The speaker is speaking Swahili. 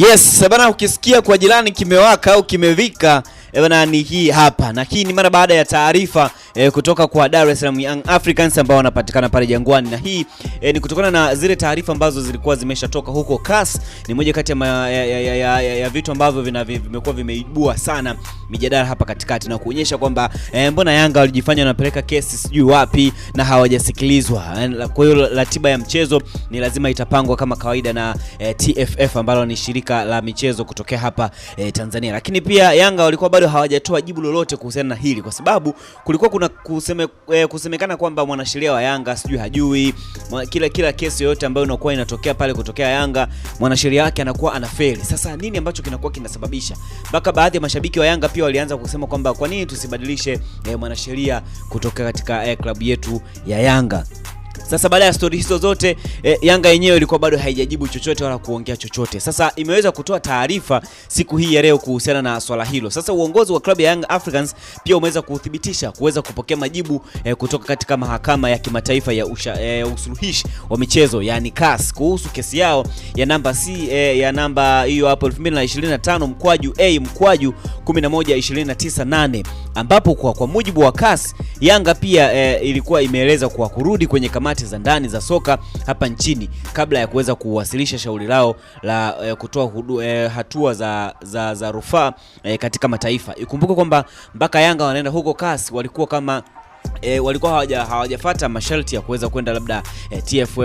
Yes, sabana ukisikia kwa jirani kimewaka au kimevika Ebana, ni hii hapa, na hii ni mara baada ya taarifa e, kutoka kwa Dar es Salaam Young Africans ambao wanapatikana pale Jangwani, na hii e, ni kutokana na zile taarifa ambazo zilikuwa zimeshatoka huko. CAS ni moja kati ya, ya, ya, ya, ya, ya ya vitu ambavyo vimekuwa vimeibua sana mijadala hapa katikati na kuonyesha kwamba e, mbona Yanga walijifanya wanapeleka kesi sijui wapi na hawajasikilizwa. Kwa hiyo ratiba ya mchezo ni lazima itapangwa kama kawaida na e, TFF ambalo ni shirika la michezo kutokea hapa e, Tanzania, lakini pia Yanga walikuwa bado hawajatoa jibu lolote kuhusiana na hili, kwa sababu kulikuwa kuna kuseme, e, kusemekana kwamba mwanasheria wa Yanga sijui hajui kila kila kesi yoyote ambayo inakuwa inatokea pale kutokea Yanga mwanasheria wake anakuwa anafeli. Sasa nini ambacho kinakuwa kinasababisha mpaka baadhi ya mashabiki wa Yanga pia walianza kusema kwamba kwa nini tusibadilishe e, mwanasheria kutoka katika e, klabu yetu ya Yanga. Sasa baada ya stori hizo zote e, Yanga yenyewe ilikuwa bado haijajibu chochote wala kuongea chochote. Sasa imeweza kutoa taarifa siku hii ya leo kuhusiana na swala hilo. Sasa uongozi wa klabu ya Young Africans pia umeweza kuthibitisha kuweza kupokea majibu e, kutoka katika mahakama ya kimataifa ya usha, e, usuluhishi wa michezo yani CAS kuhusu kesi yao ya namba C e, ya namba hiyo hapo 2025 mkwaju A mkwaju 11298 ambapo kwa, kwa mujibu wa CAS Yanga pia e, ilikuwa imeeleza kuwa kurudi kwenye kamati za ndani za soka hapa nchini kabla ya kuweza kuwasilisha shauri lao la e, kutoa hudu, e, hatua za, za, za rufaa e, katika mataifa. Ikumbuke kwamba mpaka Yanga wanaenda huko CAS walikuwa kama E, walikuwa hawaja masharti ya kuweza kwenda labda e, TFF